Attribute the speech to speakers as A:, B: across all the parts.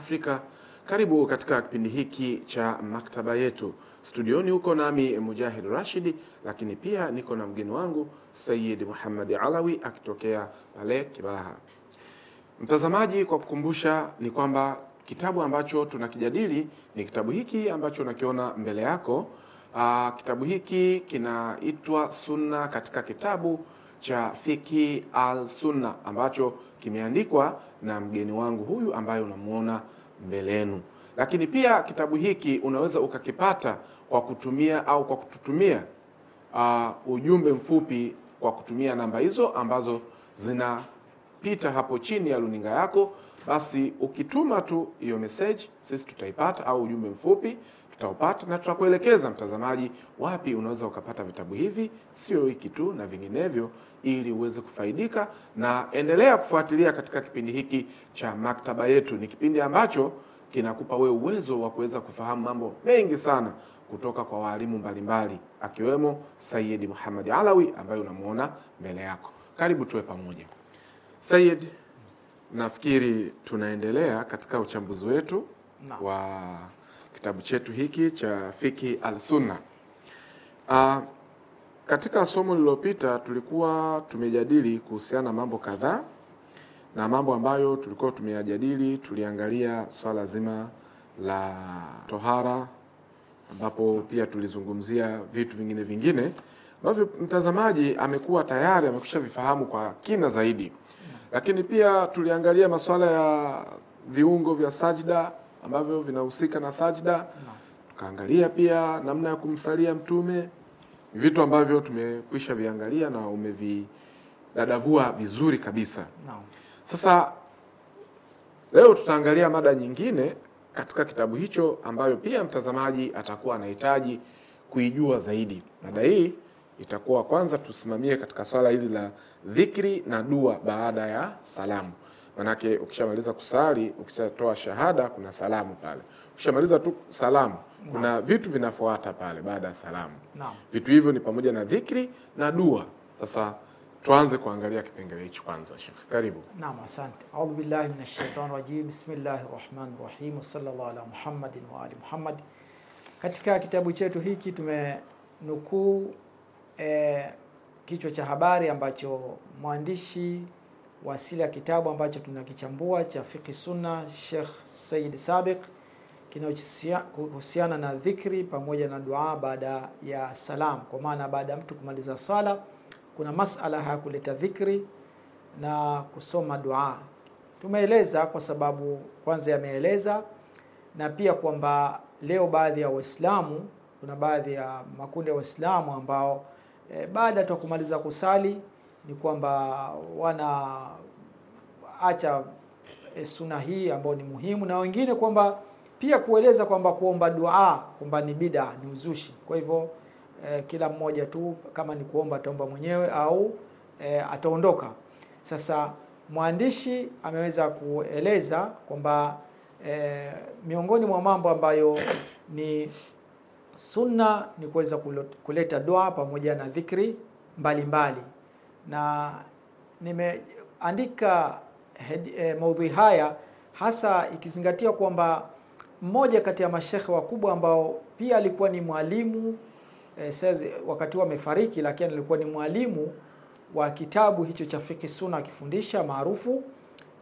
A: Afrika. Karibu katika kipindi hiki cha maktaba yetu. Studioni huko nami Mujahid Rashidi, lakini pia niko na mgeni wangu Sayid Muhammad Alawi akitokea pale Kibaha. Mtazamaji, kwa kukumbusha ni kwamba kitabu ambacho tunakijadili ni kitabu hiki ambacho unakiona mbele yako. Aa, ah, kitabu hiki kinaitwa Sunna katika kitabu cha Fiki al Sunna ambacho kimeandikwa na mgeni wangu huyu ambaye unamuona mbele yenu. Lakini pia kitabu hiki unaweza ukakipata kwa kutumia au kwa kututumia uh, ujumbe mfupi kwa kutumia namba hizo ambazo zina pita hapo chini ya runinga yako, basi ukituma tu hiyo message, sisi tutaipata, au ujumbe mfupi tutaupata, na tutakuelekeza mtazamaji, wapi unaweza ukapata vitabu hivi, sio hiki tu na vinginevyo, ili uweze kufaidika. Na endelea kufuatilia katika kipindi hiki cha maktaba yetu, ni kipindi ambacho kinakupa wewe uwezo wa kuweza kufahamu mambo mengi sana kutoka kwa waalimu mbalimbali akiwemo Sayyid Muhammad Alawi ambaye unamuona mbele yako. Karibu tuwe pamoja. Said, nafikiri tunaendelea katika uchambuzi wetu na wa kitabu chetu hiki cha Fiki al-Sunna. Uh, katika somo lililopita tulikuwa tumejadili kuhusiana na mambo kadhaa, na mambo ambayo tulikuwa tumeyajadili, tuliangalia swala zima la tohara, ambapo pia tulizungumzia vitu vingine vingine ambavyo mtazamaji amekuwa tayari amekwisha vifahamu kwa kina zaidi. Lakini pia tuliangalia masuala ya viungo vya sajda ambavyo vinahusika na sajda tukaangalia pia namna ya kumsalia Mtume, vitu ambavyo tumekwisha viangalia na umevidadavua vizuri kabisa. Sasa leo tutaangalia mada nyingine katika kitabu hicho ambayo pia mtazamaji atakuwa anahitaji kuijua zaidi. Mada hii itakuwa kwanza tusimamie katika swala hili la dhikri na dua baada ya salamu. Manake ukishamaliza kusali, ukishatoa shahada, kuna salamu pale. Ukishamaliza tu salamu, kuna no. vitu vinafuata pale baada ya salamu no. vitu hivyo ni pamoja na dhikri na dua. Sasa tuanze kuangalia kipengele hichi kwanza, Sheikh, karibu.
B: Naam, asante. A'udhu billahi minash shaitani rajim. Bismillahir rahmanir rahim. Sallallahu ala Muhammadin wa ali Muhammad. Katika kitabu chetu hiki tumenukuu e, kichwa cha habari ambacho mwandishi wa asili ya kitabu ambacho tunakichambua cha Fiqh Sunna Sheikh Said Sabiq kinachohusiana na dhikri pamoja na dua baada ya salam, kwa maana baada ya mtu kumaliza sala kuna masala haya kuleta dhikri na kusoma dua. Tumeeleza kwa sababu kwanza yameeleza, na pia kwamba leo baadhi ya Waislamu, kuna baadhi ya makundi ya Waislamu ambao e, baada tu kumaliza kusali ni kwamba wanaacha e, suna hii ambayo ni muhimu, na wengine kwamba pia kueleza kwamba kuomba dua kwamba ni bida ni uzushi. Kwa hivyo e, kila mmoja tu kama ni kuomba ataomba mwenyewe au e, ataondoka. Sasa mwandishi ameweza kueleza kwamba e, miongoni mwa mambo ambayo ni Sunna ni kuweza kuleta dua pamoja na dhikri mbalimbali mbali. Na nimeandika e, maudhui haya hasa ikizingatia kwamba mmoja kati ya mashekhe wakubwa ambao pia alikuwa ni mwalimu e, eh, sezi, wakati huo amefariki, lakini alikuwa ni mwalimu wa kitabu hicho cha fiqh sunna akifundisha maarufu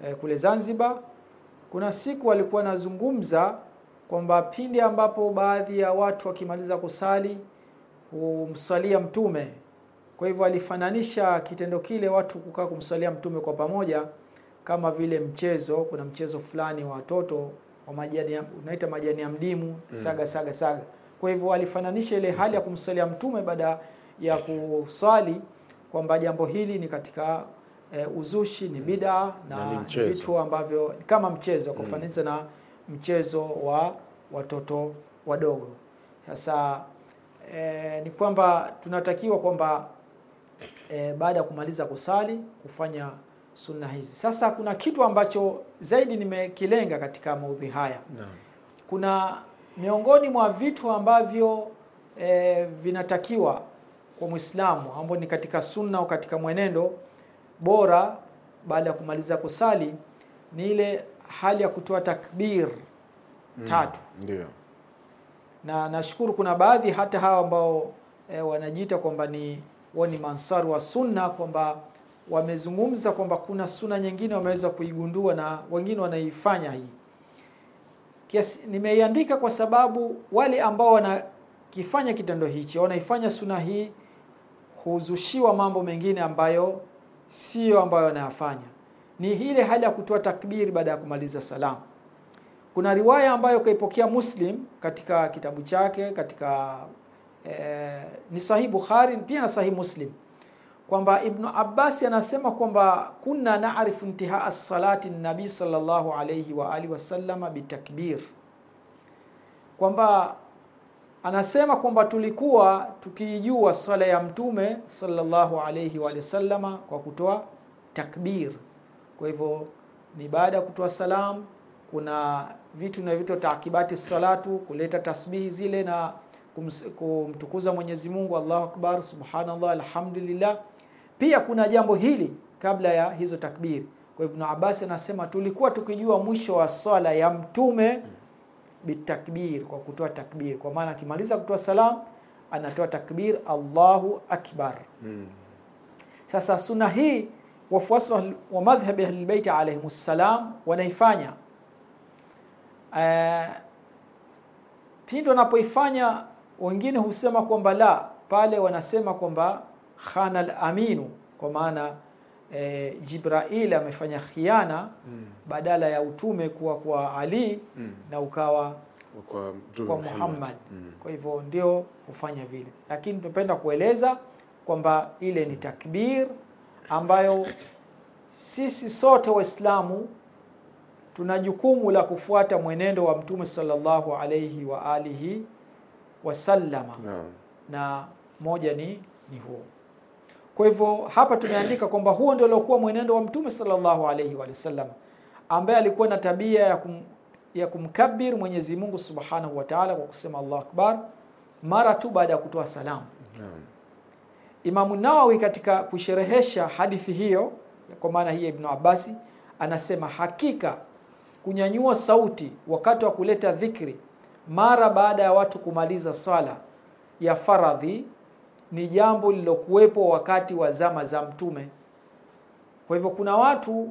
B: e, kule Zanzibar. Kuna siku alikuwa anazungumza kwamba pindi ambapo baadhi ya watu wakimaliza kusali humsalia mtume. Kwa hivyo alifananisha kitendo kile watu kukaa kumsalia mtume kwa pamoja kama vile mchezo. Kuna mchezo fulani wa watoto wa majani, unaita majani ya mdimu, mm. saga saga saga. Kwa hivyo alifananisha ile hali ya kumsalia mtume baada ya kusali kwamba jambo hili ni katika e, uzushi, ni mm. bidaa na, na vitu ambavyo kama mchezo mm. kufananisha na mchezo wa watoto wadogo. Sasa e, ni kwamba tunatakiwa kwamba e, baada ya kumaliza kusali kufanya sunna hizi. Sasa kuna kitu ambacho zaidi nimekilenga katika maudhi haya no. Kuna miongoni mwa vitu ambavyo e, vinatakiwa kwa Muislamu ambao ni katika sunna au katika mwenendo bora baada ya kumaliza kusali ni ile hali ya kutoa takbir
A: mm, tatu ndio.
B: Na nashukuru kuna baadhi hata hawa ambao e, wanajiita kwamba ni wao ni mansar wa sunna kwamba wamezungumza kwamba kuna suna nyingine wameweza kuigundua na wengine wanaifanya hii. Kiasi nimeiandika kwa sababu wale ambao wanakifanya kitendo hichi wanaifanya suna hii huzushiwa mambo mengine ambayo siyo ambayo wanayafanya ni ile hali ya kutoa takbiri baada ya kumaliza salamu. Kuna riwaya ambayo kaipokea Muslim katika kitabu chake katika eh, ni Sahih Bukhari pia na Sahih Muslim kwamba Ibnu Abbas anasema kwamba kunna naarifu intihaa as-salati nabi sallallahu alayhi wa alihi wasallama bitakbir, kwamba anasema kwamba tulikuwa tukiijua swala ya mtume sallallahu alayhi wa alihi wasallama kwa kutoa takbir. Kwa hivyo ni baada ya kutoa salamu, kuna vitu vinavyoitwa taakibati salatu, kuleta tasbihi zile na kumtukuza Mwenyezi Mungu, Allahu akbar, subhanallah, alhamdulillah. Pia kuna jambo hili kabla ya hizo takbiri. Kwa Ibn Abbas anasema tulikuwa tukijua mwisho wa swala ya mtume bitakbir, kwa kutoa takbir, kwa maana akimaliza kutoa salam anatoa takbir, Allahu akbar. Hmm. Sasa suna hii wafuasi wa madhhabi ahlilbeiti alaihimus salam wanaifanya e, eh, pindi wanapoifanya wengine husema kwamba la pale wanasema kwamba khana laminu kwa maana e, eh, Jibrail amefanya khiana mm. badala ya utume kuwa kwa Ali mm. na ukawa kwa, kwa Muhammad mm. kwa hivyo ndio hufanya vile, lakini tunapenda kueleza kwamba ile ni takbir ambayo sisi sote Waislamu tuna jukumu la kufuata mwenendo wa Mtume sallallahu alayhi wa alihi wasallama. no. Na moja ni ni huo. Kwa hivyo hapa tumeandika kwamba huo ndio uliokuwa mwenendo wa Mtume sallallahu alayhi wa sallam ambaye alikuwa na tabia ya kum, ya kumkabir Mwenyezi Mungu Subhanahu wa Ta'ala kwa kusema Allahu Akbar mara tu baada ya kutoa salamu. no. Imamu Nawawi katika kusherehesha hadithi hiyo, kwa maana hii Ibnu Abasi, anasema hakika kunyanyua sauti wakati wa kuleta dhikri mara baada ya watu kumaliza swala ya faradhi ni jambo lilokuwepo wakati wa zama za Mtume. Kwa hivyo kuna watu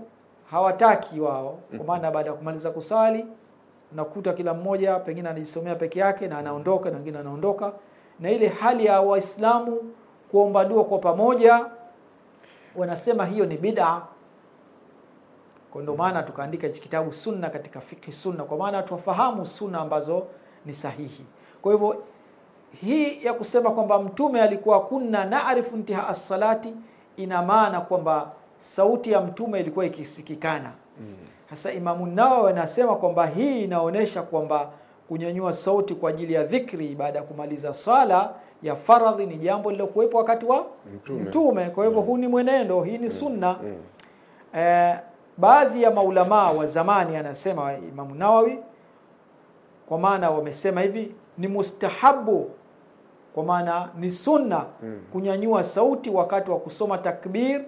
B: hawataki wao, kwa maana mm-hmm. baada ya kumaliza kusali nakuta kila mmoja pengine anajisomea peke yake na anaondoka, na wengine anaondoka, na ile hali ya Waislamu kuomba dua kwa pamoja, wanasema hiyo ni bid'a. Kwa ndio maana tukaandika hichi kitabu Sunna katika Fiqh Sunna, kwa maana tuwafahamu sunna ambazo ni sahihi. Kwa hivyo hii ya kusema kwamba mtume alikuwa kunna naarifu ntiha as-salati, ina maana kwamba sauti ya mtume ilikuwa ikisikikana. Hasa mm. Imamu nao anasema kwamba hii inaonyesha kwamba kunyanyua sauti kwa ajili ya dhikri baada ya kumaliza sala ya faradhi ni jambo lilokuwepo wakati wa mtume, mtume. Kwa hivyo mm. huu ni mwenendo, hii ni mm. sunna mm. Mm. E, baadhi ya maulamaa wa zamani anasema Imamu Nawawi, kwa maana wamesema hivi ni mustahabu kwa maana ni sunna mm. kunyanyua sauti wakati wa kusoma takbir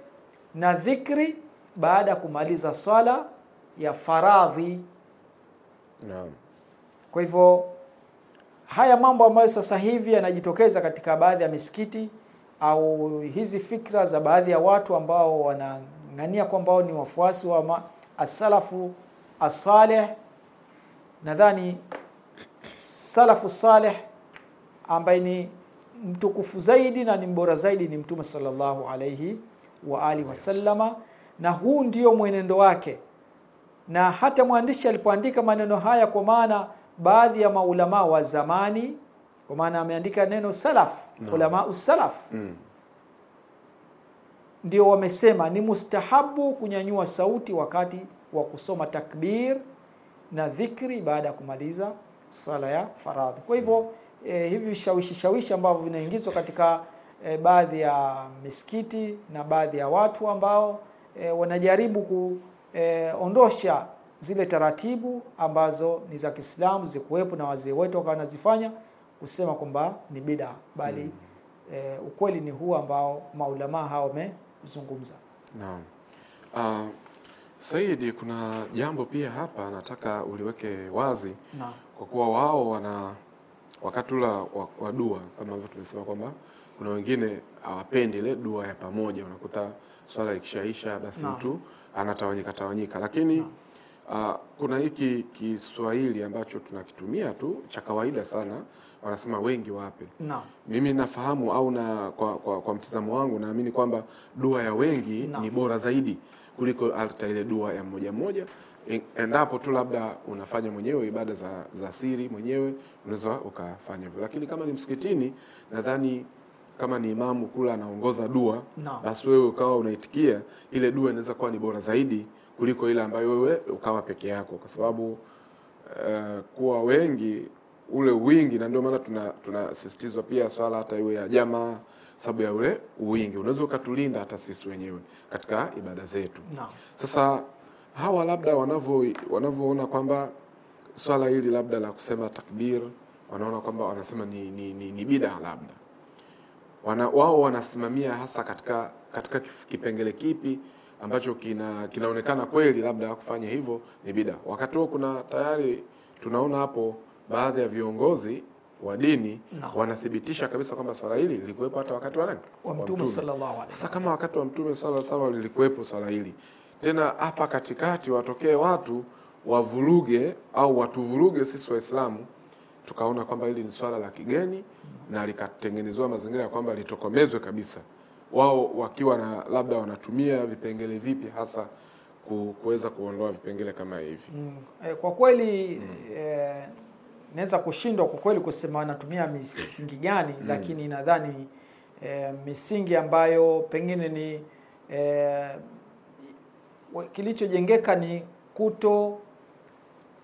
B: na dhikri baada ya kumaliza swala ya faradhi. Naam. Kwa hivyo haya mambo ambayo sasa hivi yanajitokeza katika baadhi ya misikiti au hizi fikra za baadhi ya watu ambao wanang'ania kwamba ni wafuasi wa asalafu asaleh nadhani salafu saleh ambaye ni mtukufu zaidi na ni mbora zaidi ni mtume salallahu alaihi wa alihi na huu ndio mwenendo wake na hata mwandishi alipoandika maneno haya kwa maana baadhi ya maulamaa wa zamani, kwa maana ameandika neno salaf no. ulama usalaf mm. ndio wamesema ni mustahabu kunyanyua sauti wakati wa kusoma takbir na dhikri baada ya kumaliza sala ya faradhi. Kwa hivyo eh, hivi shawishi shawishi ambavyo vinaingizwa katika eh, baadhi ya misikiti na baadhi ya watu ambao eh, wanajaribu kuondosha eh, zile taratibu ambazo ni za Kiislamu zikuwepo na wazee wetu wakawa wanazifanya, kusema kwamba ni bida, bali mm. E, ukweli ni huu ambao maulamaa hao wamezungumza.
A: Naam. Uh, Saidi, kuna jambo pia hapa nataka uliweke wazi na. Kwa kuwa wao wana wakati ula wa dua kama ambavyo tumesema kwamba kuna wengine hawapendi ile dua ya pamoja, unakuta swala ikishaisha basi mtu anatawanyika tawanyika, lakini na. Uh, kuna hiki Kiswahili ambacho tunakitumia tu cha kawaida sana, wanasema wengi wape. No. Mimi nafahamu au na kwa, kwa, kwa mtizamo wangu naamini kwamba dua ya wengi no. ni bora zaidi kuliko hata ile dua ya mmoja mmoja, e, endapo tu labda unafanya mwenyewe ibada za, za siri mwenyewe unaweza ukafanya hivyo, lakini kama ni msikitini nadhani kama ni imamu kula anaongoza dua no. Basi wewe ukawa unaitikia ile dua, inaweza kuwa ni bora zaidi kuliko ile ambayo wewe ukawa peke yako, kwa sababu uh, kuwa wengi ule wingi, na ndio maana tunasisitizwa tuna pia swala hata iwe ya jamaa, sababu ya ule wingi unaweza ukatulinda hata sisi wenyewe katika ibada zetu no. Sasa hawa labda wanavyo wanavyoona kwamba swala hili labda la kusema takbir, wanaona kwamba wanasema ni, ni, ni, ni bidaa labda wana, wao wanasimamia hasa katika, katika kipengele kipi ambacho kina, kinaonekana kweli labda kufanya hivyo ni bida. Wakati huo kuna tayari tunaona hapo baadhi ya viongozi wa dini no. wanathibitisha kabisa kwamba swala hili lilikuwepo hata wakati wa nani, wa Mtume sallallahu alaihi wasallam. Sasa kama wakati wa Mtume sallallahu alaihi wasallam lilikuwepo swala hili, tena hapa katikati watokee watu wavuruge au watuvuruge sisi Waislamu tukaona kwamba hili ni swala la kigeni na likatengenezewa mazingira ya kwamba litokomezwe kabisa, wao wakiwa na labda wanatumia vipengele vipi hasa kuweza kuondoa vipengele kama hivi
B: mm. E, kwa kweli mm. E, naweza kushindwa kwa kweli kusema wanatumia misingi gani mm. Lakini nadhani e, misingi ambayo pengine ni e, kilichojengeka ni kuto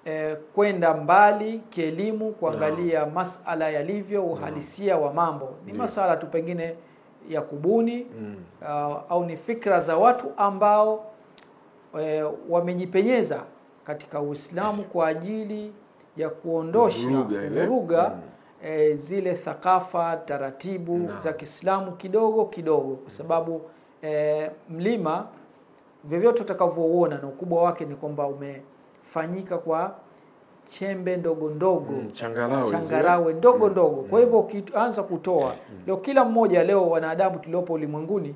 B: eh, kwenda mbali kielimu, kuangalia no. masala yalivyo uhalisia no. wa mambo ni Ndiyo. masala tu pengine ya kubuni mm. uh, au ni fikra za watu ambao eh, wamejipenyeza katika Uislamu kwa ajili ya kuondosha vuruga mm. eh, zile thakafa taratibu no. za Kiislamu kidogo kidogo, kwa mm. sababu eh, mlima vyovyote utakavyouona na ukubwa wake ni kwamba ume fanyika kwa chembe ndogo ndogo mm, changarawe, changarawe eh? ndogo mm, ndogo. Kwa mm. hivyo ukianza kutoa mm, mm, leo kila mmoja leo wanadamu tuliopo ulimwenguni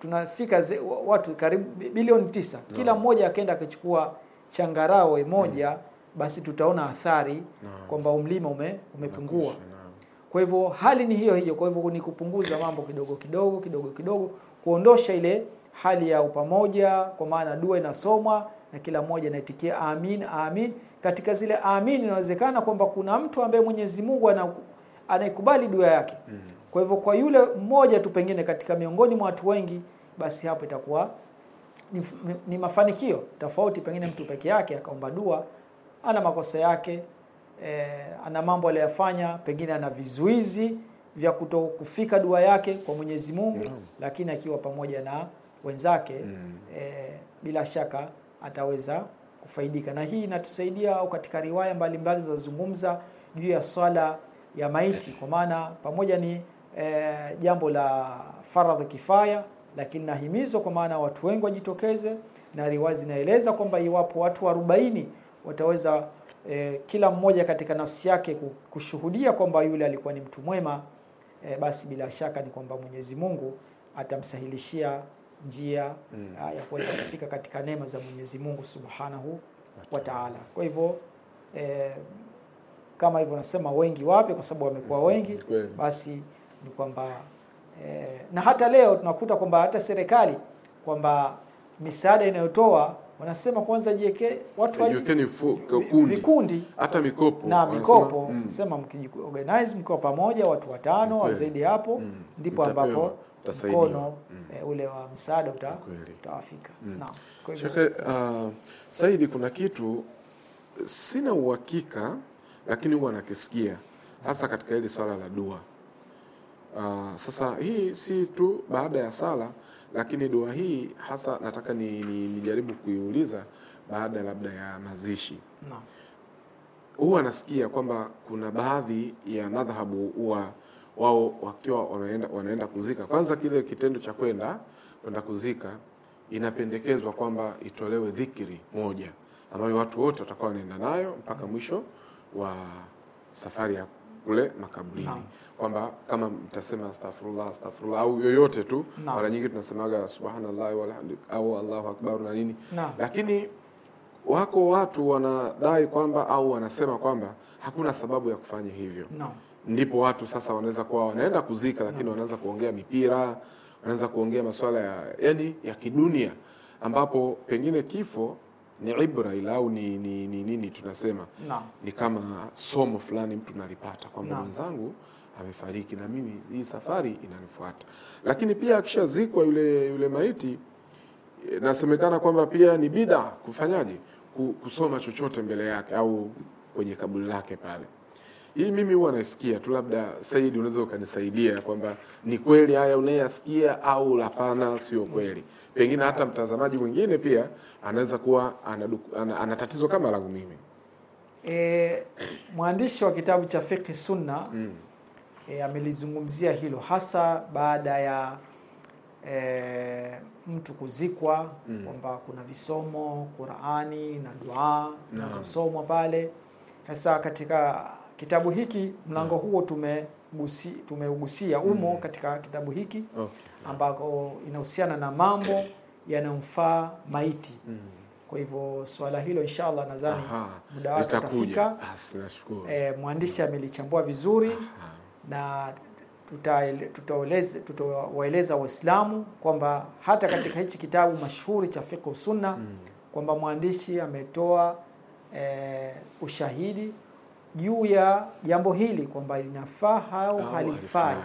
B: tunafika tuna watu karibu bilioni tisa no. Kila mmoja akenda akichukua changarawe moja mm, basi tutaona athari no, kwamba umlima ume, umepungua. Kwa hivyo hali ni hiyo hiyo. Kwa hivyo ni kupunguza mambo kidogo kidogo kidogo kidogo, kuondosha ile hali ya upamoja, kwa maana dua inasomwa na kila mmoja anaitikia amin amin. Katika zile amin, inawezekana kwamba kuna mtu ambaye Mwenyezi Mungu anaikubali dua yake. Mm-hmm. Kwa hivyo kwa yule mmoja tu pengine katika miongoni mwa watu wengi, basi hapo itakuwa ni, ni mafanikio tofauti. Pengine mtu peke yake akaomba dua, ana makosa yake e, ana mambo aliyofanya, pengine ana vizuizi vya kuto kufika dua yake kwa Mwenyezi Mungu, lakini akiwa pamoja na wenzake mm. e, bila shaka ataweza kufaidika. Na hii inatusaidia au katika riwaya mbalimbali zinazozungumza juu ya swala ya maiti, kwa maana pamoja ni e, jambo la faradhi kifaya, lakini nahimizwa kwa maana watu wengi wajitokeze, na riwaya zinaeleza kwamba iwapo watu 40 wataweza e, kila mmoja katika nafsi yake kushuhudia kwamba yule alikuwa ni mtu mwema, e, basi bila shaka ni kwamba Mwenyezi Mungu atamsahilishia njia mm. Ah, ya kuweza kufika katika neema za Mwenyezi Mungu Subhanahu wa Ta'ala. Kwa hivyo e, kama hivyo nasema wengi wape, kwa sababu wamekuwa mm, wengi, basi ni kwamba e, na hata leo tunakuta kwamba hata serikali kwamba misaada inayotoa wanasema kwanza jiweke watu wa
A: vikundi, hata mikopo na mikopo,
B: mm. sema mkijiorganize mkiwa pamoja watu watano au zaidi hapo, mm. ndipo ambapo mkono mm. e, ule wa msaada uta, utawafika mm. Shekhe,
A: uh, ah, Saidi, kuna kitu sina uhakika lakini huwa nakisikia hasa katika hili swala la dua. Uh, sasa hii si tu baada ya sala, lakini dua hii hasa nataka nijaribu ni, ni kuiuliza baada labda ya mazishi huwa nasikia kwamba kuna baadhi ya madhhabu huwa wao wakiwa wanaenda, wanaenda kuzika. Kwanza kile kitendo cha kwenda kwenda kuzika inapendekezwa kwamba itolewe dhikiri moja ambayo watu wote watakuwa wanaenda nayo mpaka mwisho wa safari ya kule makaburini Kwamba kama mtasema astaghfirullah astaghfirullah au yoyote tu Mara nyingi tunasemaga subhanallah walhamdulillah au Allahu akbar na nini na. Lakini wako watu wanadai kwamba au wanasema kwamba hakuna sababu ya kufanya hivyo no ndipo watu sasa wanaweza kuwa wanaenda kuzika, lakini wanaanza kuongea mipira, wanaanza kuongea masuala ya yani ya kidunia, ambapo pengine kifo ni ibra ila au ni nini ni, ni, tunasema na, ni kama somo fulani mtu nalipata kwamba mwenzangu amefariki na mimi hii safari inanifuata. Lakini pia akishazikwa yule, yule maiti nasemekana kwamba pia ni bida kufanyaje kusoma chochote mbele yake au kwenye kaburi lake pale. Hii mimi huwa nasikia tu, labda Said, unaweza ukanisaidia kwamba ni kweli haya unayasikia au hapana, sio kweli. Pengine hata mtazamaji mwingine pia anaweza kuwa ana tatizo kama langu mimi.
B: E, mwandishi wa kitabu cha Fiqh Sunna mm. E, amelizungumzia hilo hasa baada ya e, mtu kuzikwa mm. kwamba kuna visomo Qurani na dua zinazosomwa pale hasa katika Kitabu hiki mlango huo tumegusi, tumeugusia mm. umo mm. katika kitabu hiki okay. ambako inahusiana na mambo yanayomfaa maiti mm. Kwa hivyo swala hilo inshallah nadhani muda wake utafika. E, mwandishi amelichambua vizuri Aha. na tutawaeleza tuta Waislamu kwamba hata katika hichi kitabu mashuhuri cha fiqh sunna mm. kwamba mwandishi ametoa e, ushahidi juu ya jambo hili kwamba linafaa au halifai.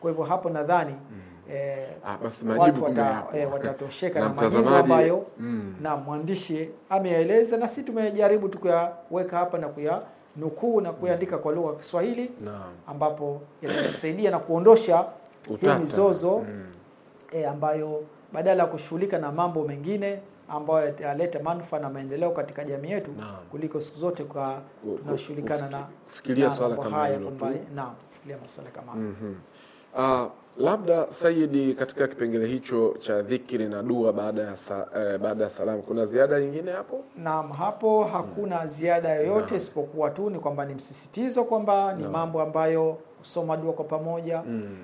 B: Kwa hivyo hapo nadhani mm. eh, ah, majibu wata, eh, watatosheka na, na majibu ambayo mm. na mwandishi ameyaeleza na sisi tumejaribu tukuyaweka hapa na kuya nukuu na kuyaandika kwa lugha ya Kiswahili ambapo yatatusaidia na kuondosha hii mizozo mm. e, ambayo badala ya kushughulika na mambo mengine ambayo yataleta manufaa na maendeleo katika jamii yetu na, kuliko siku zote kwa tunashughulikana na fikiria swala kama hilo tu. na fikiria masuala kama
A: mm -hmm. Uh, labda Saidi, katika kipengele hicho cha dhikri na dua baada ya sa, eh, baada ya salamu kuna ziada nyingine hapo?
B: Naam, hapo hakuna hmm, ziada yoyote isipokuwa tu ni kwamba ni msisitizo kwamba ni mambo ambayo kusoma dua kwa pamoja hmm,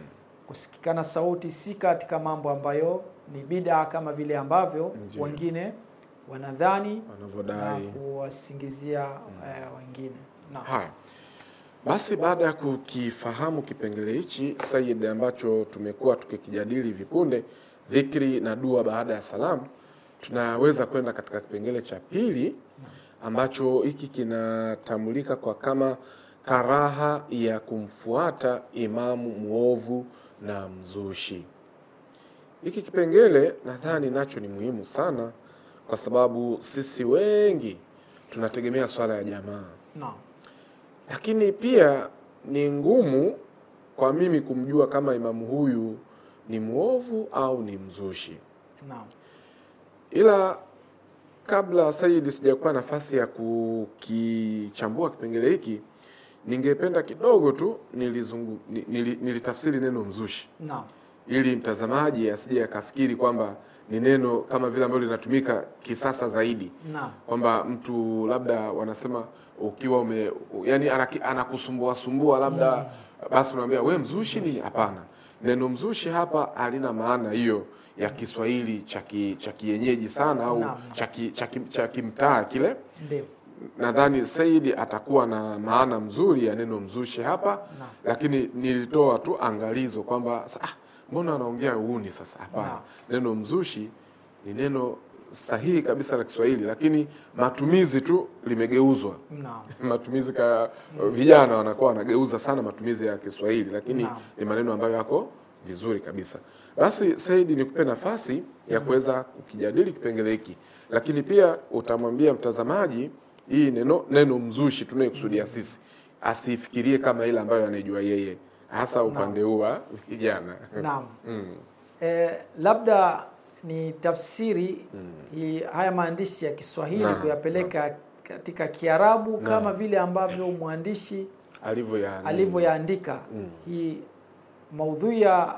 B: kusikikana sauti si katika mambo ambayo ni bidaa kama vile ambavyo Njim. wengine wanadhani na kuwasingizia e, wengine na. Haya
A: basi, baada ya kukifahamu kipengele hichi Said, ambacho tumekuwa tukikijadili vipunde, dhikri na dua baada ya salamu, tunaweza kwenda katika kipengele cha pili ambacho hiki kinatambulika kwa kama karaha ya kumfuata imamu mwovu na mzushi. Hiki kipengele nadhani nacho ni muhimu sana, kwa sababu sisi wengi tunategemea swala ya jamaa no. Lakini pia ni ngumu kwa mimi kumjua kama imamu huyu ni mwovu au ni mzushi no. Ila kabla Saidi sijakuwa nafasi ya kukichambua kipengele hiki, ningependa kidogo tu nilizungu, nil, nilitafsiri neno mzushi no ili mtazamaji asije akafikiri kwamba ni neno kama vile ambalo linatumika kisasa zaidi kwamba mtu labda wanasema ukiwa ume, yani anakusumbua sumbua labda mm. basi unamwambia we mzushi ni hapana. Neno mzushi hapa halina maana hiyo ya Kiswahili cha kienyeji sana au cha kimtaa kile Nadhani Saidi atakuwa na maana mzuri ya neno mzushi hapa Lakini nilitoa tu angalizo kwamba ah, mbona anaongea uuni sasa? Hapana, ah. neno mzushi ni neno sahihi kabisa la Kiswahili, lakini matumizi tu limegeuzwa. matumizi ka vijana wanakuwa wanageuza sana matumizi ya Kiswahili, lakini ni maneno ambayo yako vizuri kabisa. Basi Saidi, nikupe nafasi ya kuweza kukijadili kipengele hiki, lakini pia utamwambia mtazamaji hii neno, neno mzushi tunayokusudia sisi asifikirie kama ile ambayo anaijua yeye hasa upande huu wa vijana. Naam. mm.
B: Eh, labda ni tafsiri mm. haya maandishi ya Kiswahili na, kuyapeleka na. katika Kiarabu na. kama vile ambavyo mwandishi
A: alivyoyaandika
B: mm. hii maudhui ya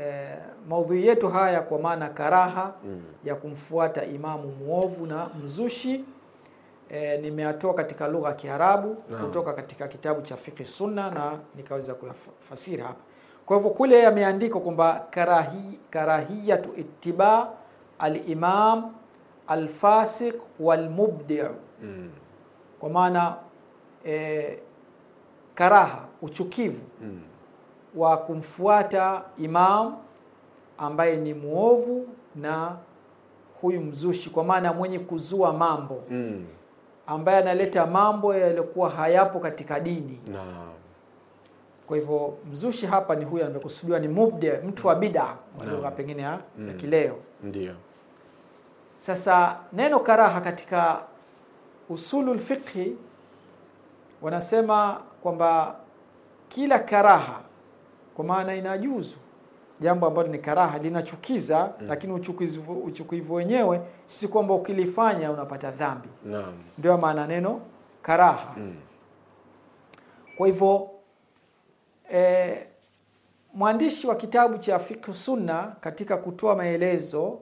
B: e, maudhui yetu haya kwa maana karaha mm. ya kumfuata imamu muovu na mzushi e, eh, nimeyatoa katika lugha ya Kiarabu no. kutoka katika kitabu cha Fiqh Sunna na nikaweza kuyafasiri hapa. Kwa hivyo kule yameandikwa kwamba karahi, karahiyatu ittiba alimam alfasiq al mm. kwa maana e, karaha uchukivu mm. wa kumfuata imam ambaye ni muovu na huyu mzushi, kwa maana mwenye kuzua mambo mm ambaye analeta mambo yaliyokuwa hayapo katika dini. na. Kwa hivyo mzushi hapa ni huyu amekusudiwa ni mubde, mtu wa bid'a lugha pengine ya mm. kileo. Ndio. Sasa neno karaha katika usulu lfiqhi wanasema kwamba kila karaha kwa maana inajuzu jambo ambalo ni karaha linachukiza mm. lakini uchukivu uchukivu wenyewe si kwamba ukilifanya unapata dhambi naam ndio maana neno karaha mm. kwa hivyo e, mwandishi wa kitabu cha fiqh sunna katika kutoa maelezo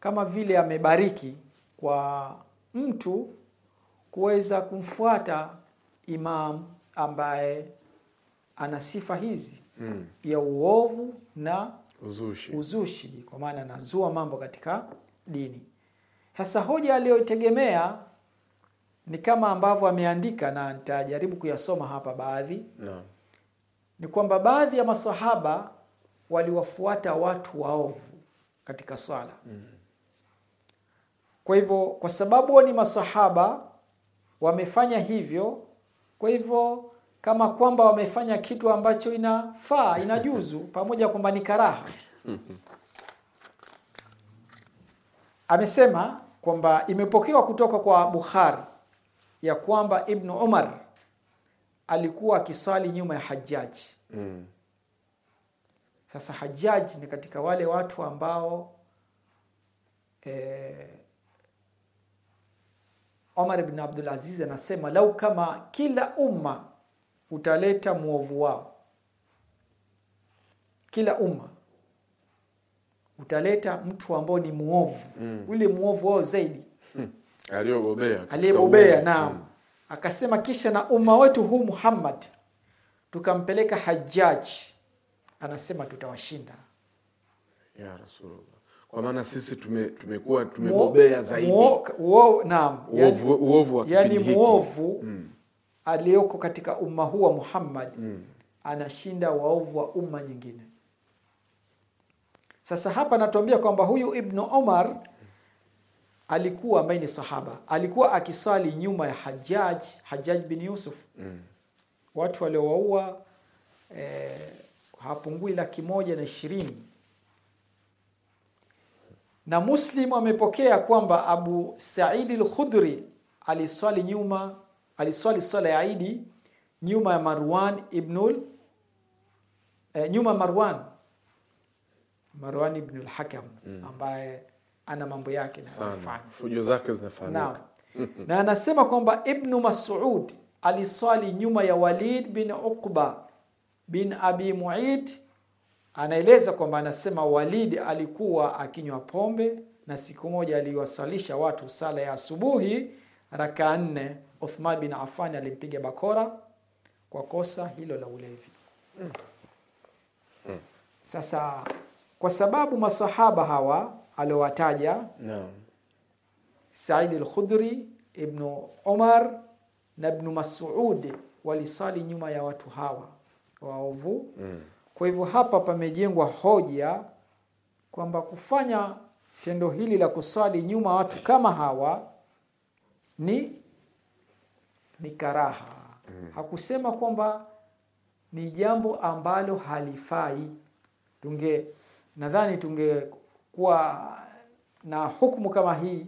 B: kama vile amebariki kwa mtu kuweza kumfuata imam ambaye ana sifa hizi mm. ya uovu na uzushi, uzushi kwa maana anazua mambo katika dini. Sasa hoja aliyoitegemea ni kama ambavyo ameandika na nitajaribu kuyasoma hapa baadhi no. Ni kwamba baadhi ya masahaba waliwafuata watu waovu katika swala mm. Kwa hivyo kwa sababu ni masahaba wamefanya hivyo, kwa hivyo kama kwamba wamefanya kitu ambacho inafaa inajuzu, pamoja kwamba ni karaha. Mhm. Amesema kwamba imepokewa kutoka kwa Bukhari ya kwamba ibnu Umar alikuwa akiswali nyuma ya Hajaji. Mm. Sasa Hajaji ni katika wale watu ambao eh, Omar ibn Abdul Aziz anasema lau kama kila umma utaleta mwovu wao. Kila umma utaleta mtu ambao ni mwovu mm. ule mwovu wao zaidi
A: mm. aliyobobea, aliyobobea naam
B: mm. Akasema, kisha na umma wetu huu Muhammad tukampeleka Hajjaj, anasema tutawashinda
A: ya Rasulullah kwa maana sisi tume, tumekuwa tumebobea zaidi uovu yani, uovu yani muovu mm
B: aliyoko katika umma huu wa Muhammad mm. anashinda waovu wa umma nyingine. Sasa hapa natuambia kwamba huyu Ibnu Omar alikuwa ambaye ni sahaba alikuwa akisali nyuma ya Hajjaj, Hajjaj bin Yusuf mm. watu waliowaua eh, hawapungui laki moja na ishirini na Muslim amepokea kwamba Abu Saidi al-Khudri aliswali nyuma aliswali swala ya Idi nyuma ya Marwan ibnul eh, nyuma ya Marwan Marwan ibn al-Hakam mm. ambaye ana mambo yake na fujo zake zinafanyika Na, na anasema kwamba Ibn Mas'ud aliswali nyuma ya Walid bin Uqba bin Abi Mu'id. Anaeleza kwamba anasema Walid alikuwa akinywa pombe na siku moja aliwasalisha watu sala ya asubuhi rakaa nne. Uthman bin Affan alimpiga bakora kwa kosa hilo la ulevi. Mm. Mm. Sasa kwa sababu masahaba hawa aliowataja no. Said al-Khudri, Ibn Umar na Ibn Mas'ud walisali nyuma ya watu hawa waovu mm. Kwa hivyo hapa pamejengwa hoja kwamba kufanya tendo hili la kusali nyuma watu kama hawa ni ni karaha mm. Hakusema kwamba ni jambo ambalo halifai. Tunge nadhani tungekuwa na hukumu kama hii,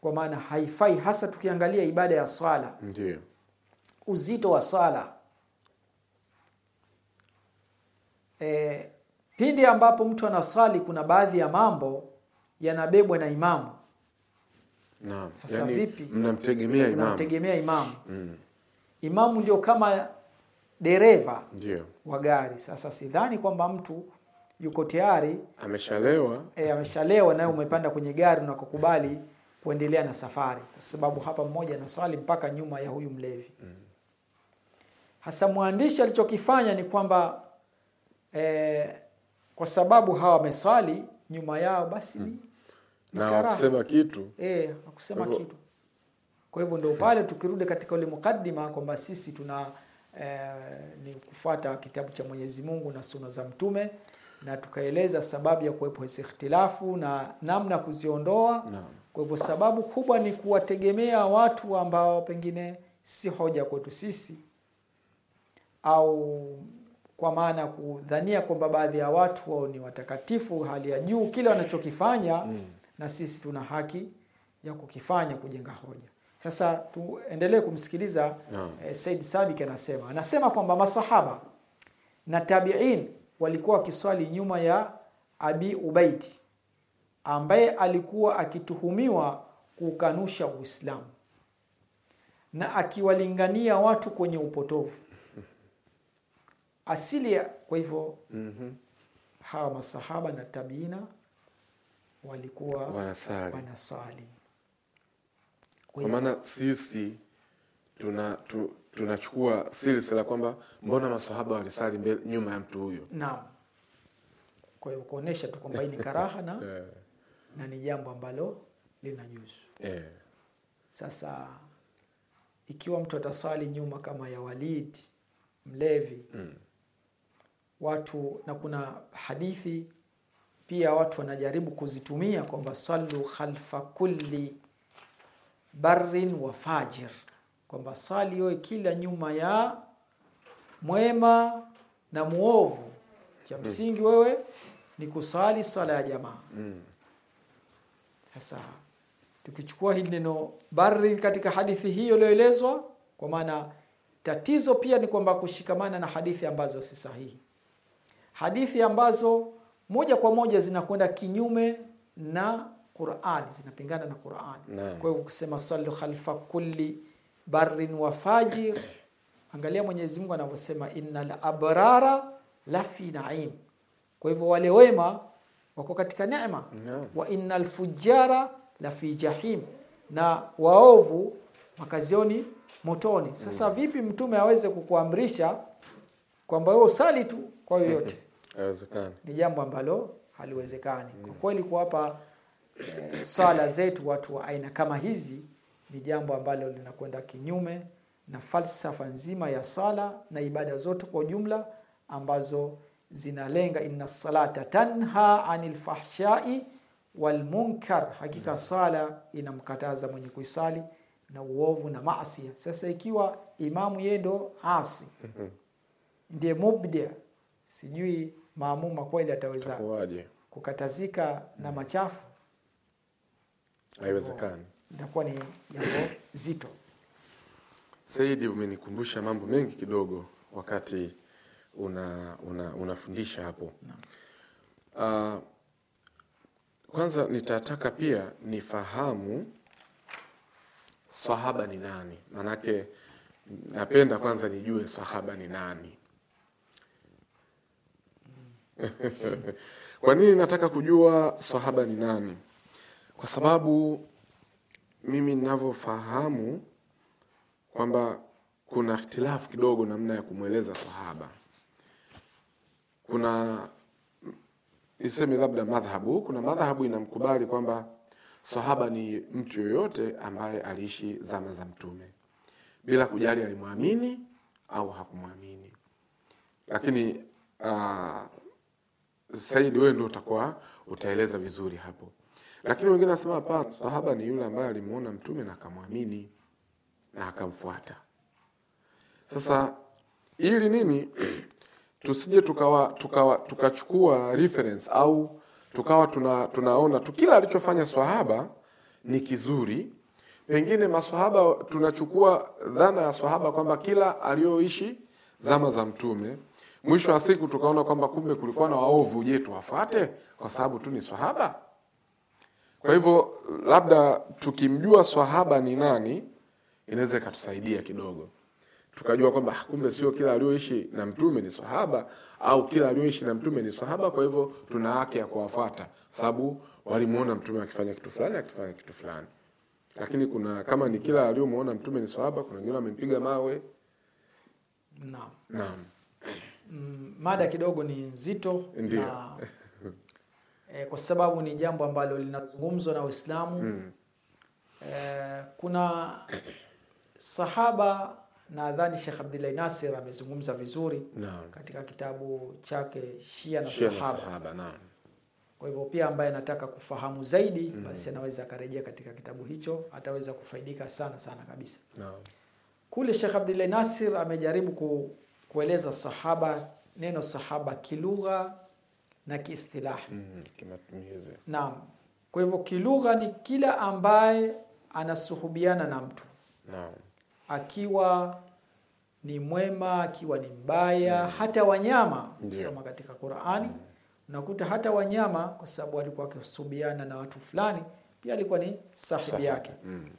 B: kwa maana haifai, hasa tukiangalia ibada ya swala uzito wa swala e, pindi ambapo mtu anaswali kuna baadhi ya mambo yanabebwa na imamu
A: sasa yani, vipi? Mnamtegemea imamu. Mnamtegemea imamu. Mm.
B: Imamu ndio kama dereva wa gari. Sasa sidhani kwamba mtu yuko tayari
A: ameshalewa,
B: e, ameshalewa naye umepanda kwenye gari kukubali kuendelea na safari, kwa sababu hapa mmoja na swali mpaka nyuma ya huyu mlevi. Mm. Hasa mwandishi alichokifanya ni kwamba e, kwa sababu hawa wameswali nyuma yao basi mm
A: na wakusema kitu eh, wakusema kitu.
B: Kwa hivyo ndio pale tukirudi katika ule mukaddima kwamba sisi tuna eh, ni kufuata kitabu cha Mwenyezi Mungu na suna za Mtume na tukaeleza sababu ya kuwepo hizi ikhtilafu na namna kuziondoa na. Kwa hivyo sababu kubwa ni kuwategemea watu ambao pengine si hoja kwetu sisi, au kwa maana kudhania kwamba baadhi ya watu wao ni watakatifu hali ya juu, kile wanachokifanya mm na sisi tuna haki ya kukifanya kujenga hoja. Sasa tuendelee kumsikiliza no. Eh, Said Sabik anasema anasema kwamba masahaba na tabiin walikuwa wakiswali nyuma ya Abi ubaidi ambaye alikuwa akituhumiwa kukanusha Uislamu na akiwalingania watu kwenye upotovu asili. Kwa hivyo mm -hmm. hawa masahaba na tabiina walikuwa wanasali, wanasali. Kwa maana
A: sisi tuna tu, tunachukua silsila kwamba mbona maswahaba walisali mbele nyuma ya mtu huyo.
B: Naam, kwa hiyo kuonesha tu kwamba hii ni karaha na, eh. na ni jambo ambalo linajuzu eh. Sasa ikiwa mtu atasali nyuma kama ya Walid mlevi mm. watu na kuna hadithi pia watu wanajaribu kuzitumia kwamba sallu khalfa kulli barrin wa fajir, kwamba sali wewe kila nyuma ya mwema na muovu. Cha mm. msingi wewe ni kusali sala ya jamaa mm. sasa tukichukua hili neno barrin katika hadithi hiyo iliyoelezwa, kwa maana tatizo pia ni kwamba kushikamana na hadithi ambazo si sahihi, hadithi ambazo moja kwa moja zinakwenda kinyume na Qur'ani, zinapingana na Qur'ani. Kwa hiyo kusema sallu khalfa kulli barrin wa fajir, angalia Mwenyezi Mungu anavyosema innal abrara fi naim. Kwa hivyo wale wema wako katika neema no. wa innal fujara fi jahim, na waovu makazioni motoni. Sasa mm. vipi mtume aweze kukuamrisha kwamba wewe usali tu kwa yoyote? ni jambo ambalo haliwezekani kwa kweli. Kuwapa eh, sala zetu watu wa aina kama hizi ni jambo ambalo linakwenda kinyume na falsafa nzima ya sala na ibada zote kwa ujumla ambazo zinalenga inna salata tanha anil fahshai wal munkar, hakika sala inamkataza mwenye kuisali na uovu na maasi. Sasa ikiwa imamu yeye ndo asi mhm. ndiye mubdia, sijui maamuma kweli ataweza Takuwaje? kukatazika na mm. machafu?
A: Haiwezekani,
B: itakuwa ni jambo zito.
A: Saidi, umenikumbusha mambo mengi kidogo wakati una unafundisha una hapo no. Uh, ah, kwanza nitataka pia nifahamu swahaba ni nani, manake napenda kwanza nijue swahaba ni nani Kwa nini nataka kujua swahaba ni nani? Kwa sababu mimi ninavyofahamu kwamba kuna ikhtilafu kidogo namna ya kumweleza swahaba. Kuna niseme labda madhhabu, kuna madhhabu inamkubali kwamba swahaba ni mtu yoyote ambaye aliishi zama za Mtume bila kujali alimwamini au hakumwamini, lakini uh, Said, wewe ndio utakuwa utaeleza vizuri hapo. Lakini wengine nasema hapa sahaba ni yule ambaye alimuona mtume na akamwamini na akamfuata. Sasa ili nini tusije tukawa tukawa tukachukua reference au tukawa tuna, tunaona tu kila alichofanya swahaba ni kizuri. Pengine maswahaba tunachukua dhana ya swahaba kwamba kila aliyoishi zama za mtume Mwisho wa siku tukaona kwamba kumbe kulikuwa na waovu. Je, tuwafuate kwa sababu tu ni swahaba? Kwa hivyo, labda tukimjua swahaba ni nani, inaweza ikatusaidia kidogo tukajua kwamba ah, kumbe sio kila alioishi na mtume ni swahaba au kila alioishi na mtume ni swahaba. Kwa hivyo tuna haki ya kuwafuata, sababu walimuona mtume akifanya kitu fulani akifanya kitu fulani. Lakini kuna kama ni kila aliyomuona mtume ni swahaba, kuna wengine wamempiga mawe. Naam, naam.
B: Mm, mada kidogo ni nzito na e, kwa sababu ni jambo ambalo linazungumzwa na Uislamu mm. e, kuna sahaba nadhani Sheikh Abdullahi Nasir amezungumza vizuri naam. katika kitabu chake Shia na Shia Sahaba, sahaba naam. Kwa hivyo pia ambaye anataka kufahamu zaidi mm. basi anaweza akarejea katika kitabu hicho, ataweza kufaidika sana sana kabisa naam. Kule Sheikh Abdullahi Nasir amejaribu ku, kueleza sahaba neno sahaba kilugha na kiistilahi mm, kimatumizi. Naam. Kwa hivyo kilugha ni kila ambaye anasuhubiana na mtu naam, akiwa ni mwema akiwa ni mbaya mm. hata wanyama yeah. katika Qur'ani mm. unakuta hata wanyama, kwa sababu alikuwa akisuhubiana na watu fulani, pia alikuwa ni sahibi yake mm.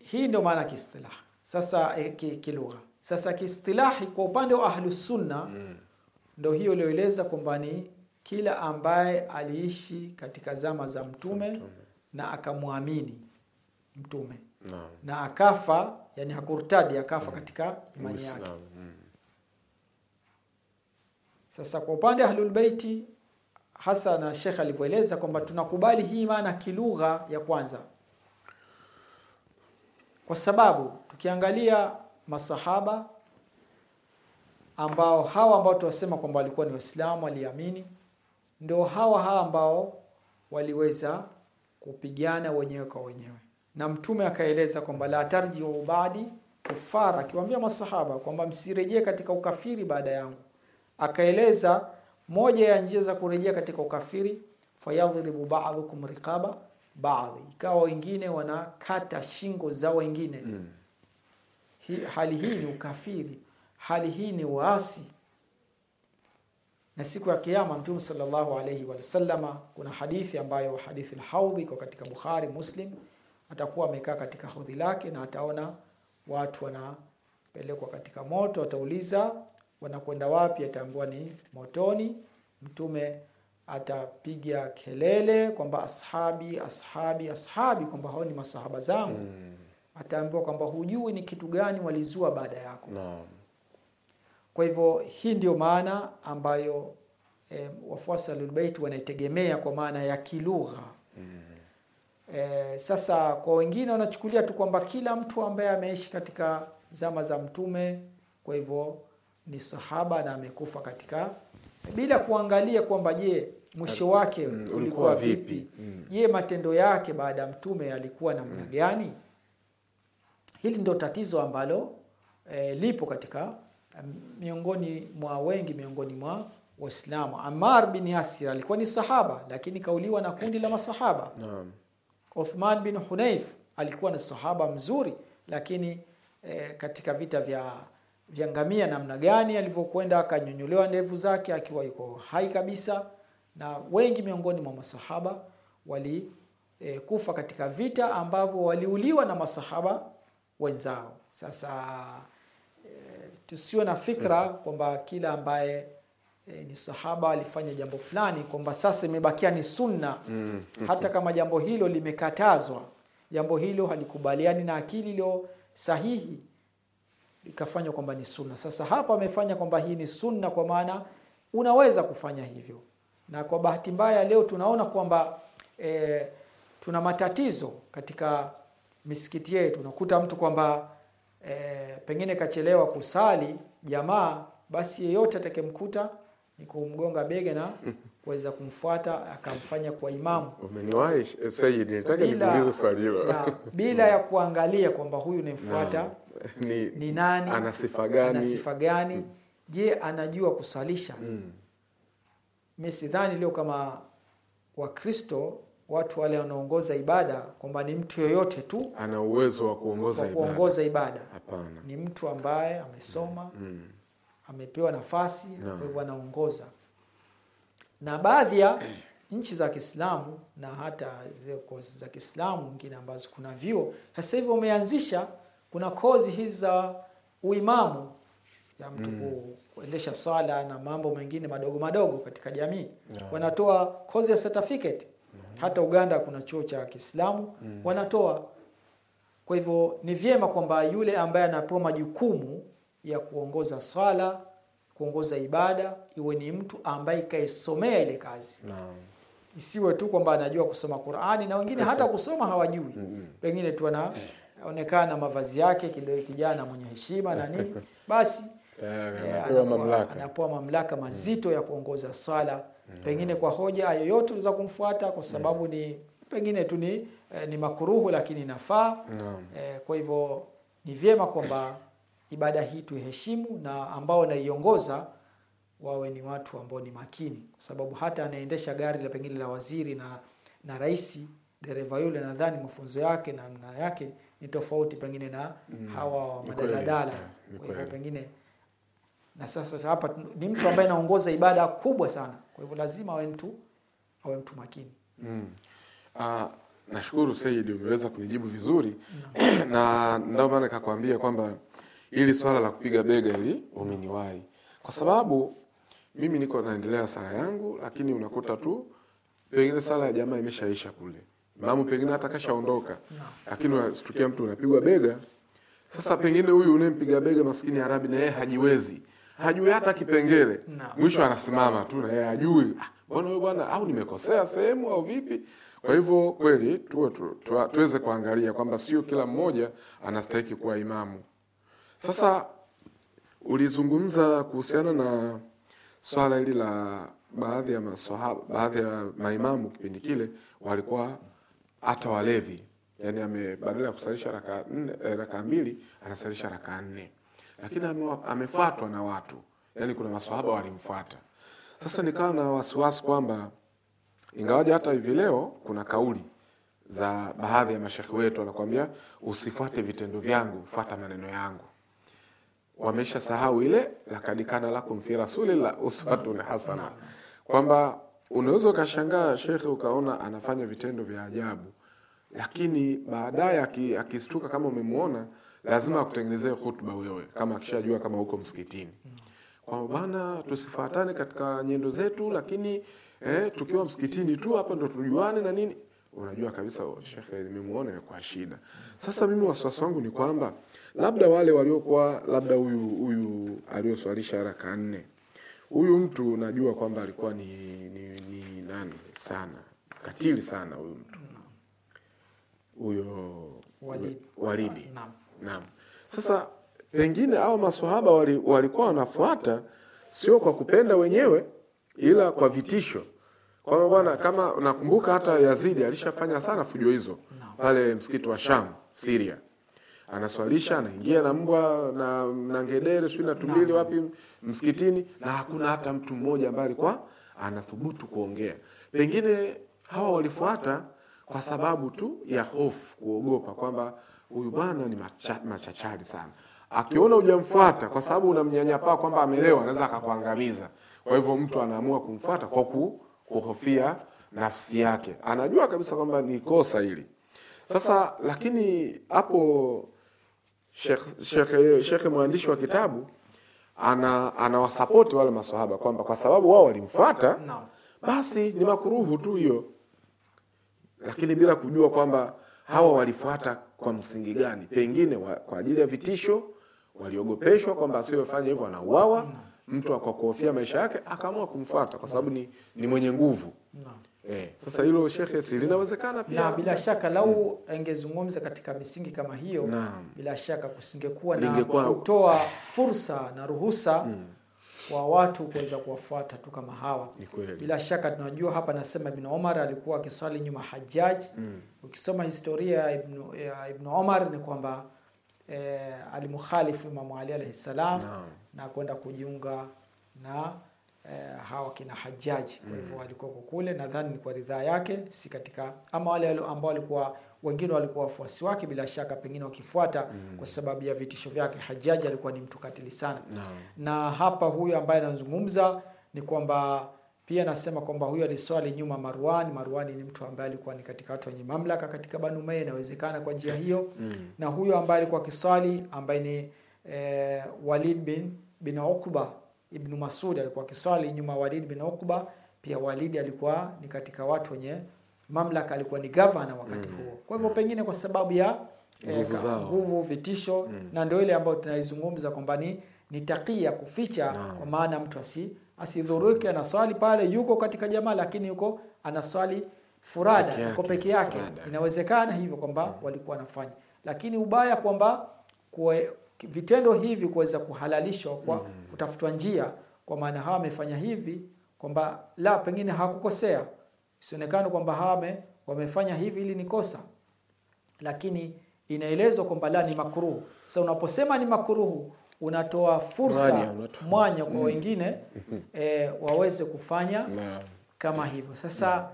B: Hii ndio maana kiistilahi sasa eh, kilugha sasa kiistilahi kwa upande wa ahlusunna mm. ndo hiyo ilioeleza kwamba ni kila ambaye aliishi katika zama za mtume, na akamwamini mtume na, na akafa yani hakurtadi akafa mm. katika imani yake mm. sasa kwa upande wa ahlulbeiti hasa na shekh alivyoeleza kwamba tunakubali hii maana kilugha ya kwanza kwa sababu tukiangalia masahaba ambao hawa ambao tuwasema kwamba walikuwa ni Waislamu waliamini, ndio hawa hawa ambao waliweza kupigana wenyewe kwa wenyewe, na Mtume akaeleza kwamba la tarjiu badi kufara, akiwaambia masahaba kwamba msirejee katika ukafiri baada yangu. Akaeleza moja ya njia za kurejea katika ukafiri, fayadhribu ba'dhukum riqaba baadhi, ikawa wengine wanakata shingo za wengine mm. Hi, hali hii ni ukafiri, hali hii ni waasi. Na siku ya kiama Mtume sallallahu alaihi wasallama, kuna hadithi ambayo hadithi lhaudhi iko katika Bukhari, Muslim, atakuwa amekaa katika haudhi lake na ataona watu wanapelekwa katika moto, atauliza wanakwenda wapi? Ataambiwa ni motoni. Mtume atapiga kelele kwamba ashabi ashabi ashabi, kwamba hao ni masahaba zangu mm. Ataambiwa kwamba hujui ni kitu gani walizua baada yako no. Kwa hivyo hii ndio maana ambayo e, wafuasi Ahlulbeit wanaitegemea kwa maana ya kilugha mm. E, sasa kwa wengine wanachukulia tu kwamba kila mtu ambaye ameishi katika zama za Mtume kwa hivyo ni sahaba na amekufa katika bila kuangalia kwamba je, mwisho wake mm, ulikuwa vipi? Mm. Je, mm. matendo yake baada ya mtume alikuwa namna mm. gani? mm. Hili ndio tatizo ambalo e, lipo katika miongoni mwa wengi miongoni mwa Waislamu. amar bin Yasir alikuwa ni sahaba, lakini kauliwa na kundi la masahaba. Naam. Uthman bin Hunaif alikuwa ni sahaba mzuri, lakini e, katika vita vya vyangamia namna gani alivyokwenda akanyonyolewa ndevu zake akiwa yuko hai kabisa, na wengi miongoni mwa masahaba walikufa e, katika vita ambavyo waliuliwa na masahaba wenzao. Sasa e, tusiwe na fikra mm. kwamba kila ambaye E, ni sahaba alifanya jambo fulani kwamba sasa imebakia ni sunna mm. Hata kama jambo hilo limekatazwa, jambo hilo halikubaliani na akili iliyo sahihi ikafanywa kwamba ni sunna. Sasa hapa amefanya kwamba hii ni sunna, kwa maana unaweza kufanya hivyo, na kwa bahati mbaya leo tunaona kwamba e, tuna matatizo katika misikiti yetu. Unakuta mtu kwamba e, pengine kachelewa kusali jamaa, basi yeyote atakemkuta ni kumgonga bega na kuweza kumfuata akamfanya kwa imamu.
A: Umeniwahi Sayyid, nikuulize swali hilo
B: bila ya kuangalia kwamba huyu nimfuata
A: ni, ni nani, ana sifa gani, ana sifa
B: gani mm. Je, anajua kusalisha mm. Mi sidhani leo kama Wakristo watu wale wanaongoza ibada kwamba ni mtu yoyote tu
A: ana uwezo wa kuongoza ibada, kuongoza ibada. Hapana,
B: ni mtu ambaye amesoma mm. amepewa nafasi no. kwa hivyo anaongoza na baadhi ya nchi za Kiislamu na hata zile kozi za Kiislamu nyingine ambazo kuna vyuo sasa hivi wameanzisha, kuna kozi hizi za uimamu ya mtu mm. kuendesha sala na mambo mengine madogo madogo katika jamii yeah. Wanatoa kozi ya certificate mm -hmm. Hata Uganda kuna chuo cha Kiislamu mm. wanatoa. Kwa hivyo ni vyema kwamba yule ambaye anapewa majukumu ya kuongoza sala kuongoza ibada iwe ni mtu ambaye kaisomea ile kazi naam. Isiwe tu kwamba anajua kusoma Qur'ani na wengine hata kusoma hawajui, pengine tu anaonekana mavazi yake kidogo, kijana mwenye heshima na nini, basi eh, anapewa mamlaka, anapewa mamlaka mazito mm. ya kuongoza swala, mm. pengine kwa hoja yoyote za kumfuata, kwa mm. sababu ni pengine tu ni, eh, ni makuruhu lakini inafaa. Eh, kwa hivyo ni vyema kwamba ibada hii tuiheshimu, na ambao wanaiongoza wawe ni watu ambao ni makini, kwa sababu hata anaendesha gari la pengine la waziri na na rais, dereva yule, nadhani mafunzo yake na namna yake ni tofauti pengine na mm, hawa hawa madaladala. Kwa pengine na sasa hapa ni mtu ambaye anaongoza ibada kubwa sana, kwa hivyo lazima awe mtu awe mtu makini
A: mm. Uh, nashukuru Said, umeweza kunijibu vizuri mm. na ndio maana nikakwambia kwamba ili swala la kupiga bega ili umeniwahi, kwa sababu mimi niko naendelea sala yangu, lakini unakuta tu pengine sala ya jamaa imeshaisha kule, imamu pengine hata kashaondoka, lakini unastukia mtu unapigwa bega. Sasa pengine huyu unempiga bega maskini Arabi na yeye hajiwezi hajui hata kipengele Mwisho anasimama tu na yeye hajui, ah, mbona huyu bwana, au nimekosea sehemu au vipi? Kwa hivyo kweli tuwe tuweze kuangalia kwamba sio kila mmoja anastahiki kuwa imamu. Sasa ulizungumza kuhusiana na swala hili la baadhi ya maswahaba, baadhi ya maimamu kipindi kile walikuwa hata walevi, yaani ame badala ya kusalisha raka nne, eh, raka mbili anasalisha raka nne, lakini amefuatwa na watu, yaani kuna maswahaba walimfuata. Sasa nikawa na wasiwasi kwamba ingawaje hata hivi leo kuna kauli za baadhi ya mashekhi wetu wanakuambia usifuate vitendo vyangu, fuata maneno yangu wamesha sahau ile lakad kana lakum fi rasulillah uswatun hasana, kwamba unaweza ukashangaa shekhe ukaona anafanya vitendo vya ajabu, lakini baadaye akistuka kama umemwona, lazima akutengenezee khutba wewe, kama akishajua kama uko msikitini kwa bana, tusifuatane katika nyendo zetu, lakini eh, tukiwa msikitini tu hapa ndo tujuane na nini unajua kabisa shekhe nimemuona kwa shida. Sasa mimi wasiwasi wangu ni kwamba labda wale waliokuwa labda huyu huyu aliyoswalisha haraka nne, huyu mtu najua kwamba alikuwa ni, ni, ni nani sana katili sana huyu mtu huyo Walidi. Naam, sasa pengine au maswahaba walikuwa wanafuata sio kwa kupenda wenyewe, ila kwa vitisho. Kwa hiyo bwana, kama nakumbuka hata Yazidi alishafanya sana fujo hizo pale msikiti wa Sham, Siria, Anaswalisha, anaingia na mbwa na, na ngedere sio na tumbili wapi msikitini, na hakuna hata mtu mmoja ambaye alikuwa anathubutu kuongea. Pengine hawa walifuata kwa sababu tu ya hofu, kuogopa kwamba huyu bwana ni macha, machachari sana akiona hujamfuata kwa sababu unamnyanyapaa kwamba amelewa, anaweza akakuangamiza. Kwa hivyo mtu anaamua kumfuata kwa ku kuhofia nafsi yake, anajua kabisa kwamba ni kosa hili. Sasa lakini hapo shekhe mwandishi wa kitabu ana anawasapoti wale maswahaba kwamba kwa sababu wao walimfuata basi ni makuruhu tu hiyo, lakini bila kujua kwamba hawa walifuata kwa msingi gani, pengine wa, kwa ajili ya vitisho, waliogopeshwa kwamba asiyofanya hivyo anauawa mtu kwa kuhofia maisha yake akaamua kumfuata kwa sababu ni, ni mwenye nguvu e, sasa hilo shekhe, si linawezekana pia? Na bila
B: shaka lau angezungumza katika misingi kama hiyo na, bila shaka kusingekuwa na kutoa fursa na ruhusa mm, wa watu kuweza kuwafuata tu kama hawa. Bila shaka tunajua hapa, nasema Ibn Omar alikuwa akiswali nyuma hajaji mm. Ukisoma historia ya Ibn, ya Ibn Omar ni kwamba e, alimukhalifu Imamu Ali alaihi salam no. na kwenda kujiunga na e, hawa kina Hajaji. Kwa mm. hivyo walikuwa kule, nadhani ni kwa ridhaa yake, si katika ama wale ambao walikuwa wengine walikuwa wafuasi wake bila shaka, pengine wakifuata mm. kwa sababu ya vitisho vyake. Hajaji alikuwa ni mtu katili sana no. na hapa huyu ambaye anazungumza ni kwamba pia anasema kwamba huyo aliswali nyuma Marwan. Marwan ni mtu ambaye alikuwa ni katika watu wenye mamlaka katika Banu Umayya, inawezekana kwa njia hiyo mm. na huyo ambaye alikuwa kiswali ambaye ni e, Walid bin bin Ukba ibn Masud alikuwa kiswali nyuma Walid bin Ukba. Pia Walid alikuwa ni katika watu wenye mamlaka, alikuwa ni governor wakati mm. huo. Kwa hivyo pengine kwa sababu ya eh, nguvu e, vitisho mm. na ndio ile ambayo tunaizungumza kwamba ni ni takia kuficha no. kwa maana mtu asi asidhuruke, anaswali pale, yuko katika jamaa, lakini yuko anaswali furada yuko peke yake. Inawezekana hivyo kwamba mm. walikuwa wanafanya, lakini ubaya kwamba kwa vitendo hivi kuweza kuhalalishwa kwa mm. kutafutwa njia, kwa maana hawa wamefanya hivi kwamba la pengine hawakukosea, isionekane kwamba hawa wamefanya hivi ili ni kosa, lakini inaelezwa kwamba la ni makruhu. Sasa unaposema ni makruhu unatoa fursa mwanya, mwanya kwa mm. wengine e, waweze kufanya na kama hivyo sasa na.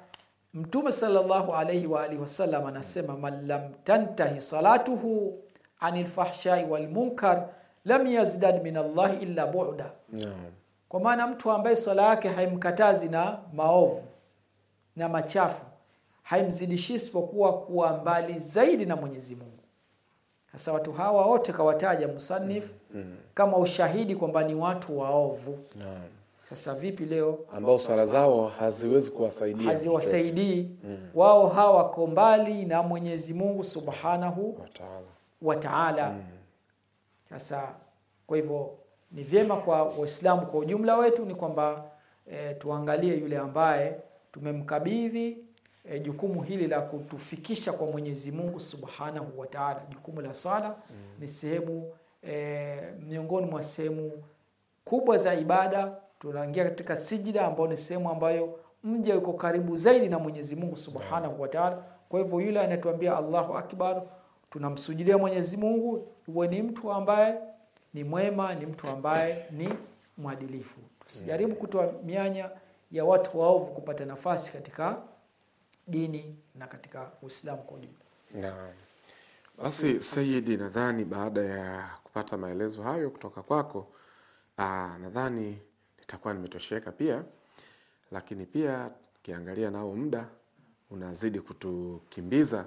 B: Mtume sallallahu alaihi wa alihi wasallam anasema man lam tantahi salatuhu an lfahshai walmunkar lam yazdad min allahi illa bu'da, kwa maana mtu ambaye swala yake haimkatazi na maovu na machafu haimzidishi isipokuwa kuwa mbali zaidi na Mwenyezi Mungu. Sasa watu hawa wote kawataja musannif mm -hmm. kama ushahidi kwamba ni watu waovu. Naam. Sasa vipi leo
A: ambao swala zao haziwezi kuwasaidia, haziwasaidii mm.
B: wao hawa mbali na Mwenyezi Mungu Subhanahu wa Ta'ala. Mm. Sasa mm. kwa hivyo ni vyema kwa Waislamu kwa ujumla wetu ni kwamba e, tuangalie yule ambaye tumemkabidhi e, jukumu hili la kutufikisha kwa Mwenyezi Mungu Subhanahu wa Ta'ala. Jukumu la sala mm. ni sehemu e, miongoni mwa sehemu kubwa za ibada. Tunaingia katika sijida ambayo ni sehemu ambayo mja yuko karibu zaidi na Mwenyezi Mungu Subhanahu wa Ta'ala. Kwa hivyo yule anatuambia Allahu Akbar, tunamsujudia Mwenyezi Mungu, uwe ni mtu ambaye ni mwema, ni mtu ambaye ni mwadilifu. Tusijaribu mm. kutoa mianya ya watu waovu kupata nafasi katika dini na katika Uislamu kwa ujumla.
A: Naam. Basi Sayyidi, nadhani baada ya kupata maelezo hayo kutoka kwako, aa, ah, nadhani nitakuwa nimetosheka pia, lakini pia kiangalia nao muda unazidi kutukimbiza,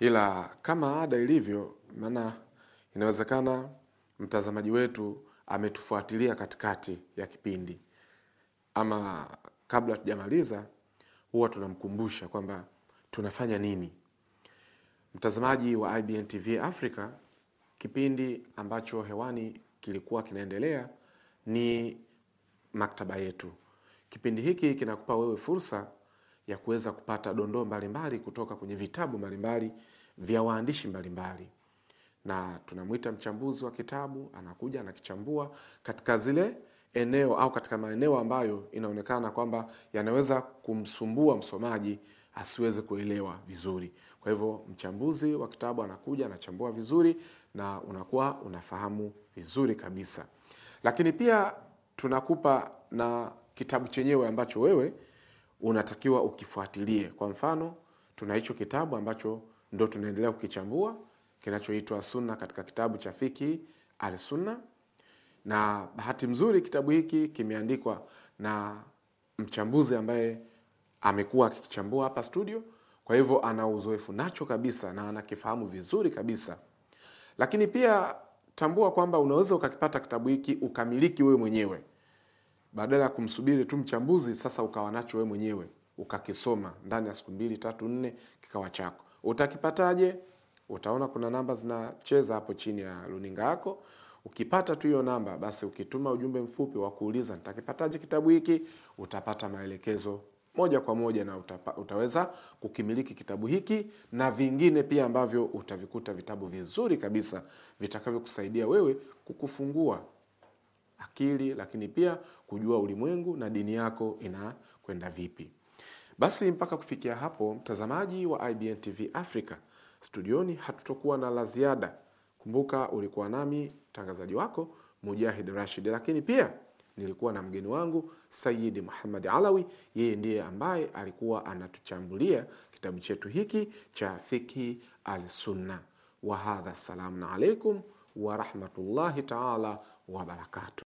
A: ila kama ada ilivyo, maana inawezekana mtazamaji wetu ametufuatilia katikati ya kipindi ama kabla tujamaliza huwa tunamkumbusha kwamba tunafanya nini. Mtazamaji wa IBN TV Africa, kipindi ambacho hewani kilikuwa kinaendelea ni maktaba yetu. Kipindi hiki kinakupa wewe fursa ya kuweza kupata dondoo mbalimbali kutoka kwenye vitabu mbalimbali vya waandishi mbalimbali, na tunamwita mchambuzi wa kitabu anakuja anakichambua katika zile eneo au katika maeneo ambayo inaonekana kwamba yanaweza kumsumbua msomaji asiweze kuelewa vizuri. Kwa hivyo mchambuzi wa kitabu anakuja anachambua vizuri na unakuwa unafahamu vizuri kabisa. Lakini pia tunakupa na kitabu chenyewe ambacho wewe unatakiwa ukifuatilie. Kwa mfano, tuna hicho kitabu ambacho ndo tunaendelea kukichambua kinachoitwa Sunna katika kitabu cha fiki Alsunna na bahati mzuri kitabu hiki kimeandikwa na mchambuzi ambaye amekuwa akikichambua hapa studio kwa hivyo ana uzoefu nacho kabisa na anakifahamu vizuri kabisa lakini pia tambua kwamba unaweza ukakipata kitabu hiki ukamiliki wewe mwenyewe badala ya kumsubiri tu mchambuzi sasa ukawa nacho wewe mwenyewe ukakisoma ndani ya siku mbili tatu nne kikawa chako utakipataje utaona kuna namba zinacheza hapo chini ya runinga yako Ukipata tu hiyo namba, basi ukituma ujumbe mfupi wa kuuliza nitakipataje kitabu hiki, utapata maelekezo moja kwa moja na utapa, utaweza kukimiliki kitabu hiki na vingine pia ambavyo utavikuta vitabu vizuri kabisa vitakavyokusaidia wewe kukufungua akili, lakini pia kujua ulimwengu na dini yako inakwenda vipi. Basi mpaka kufikia hapo, mtazamaji wa IBN TV Africa, studioni hatutokuwa na la ziada. Kumbuka ulikuwa nami mtangazaji wako Mujahid Rashid, lakini pia nilikuwa na mgeni wangu Sayidi Muhammad Alawi. Yeye ndiye ambaye alikuwa anatuchambulia kitabu chetu hiki cha Fiqhi Alsunna. Wahadha, assalamu alaikum warahmatullahi taala wabarakatu.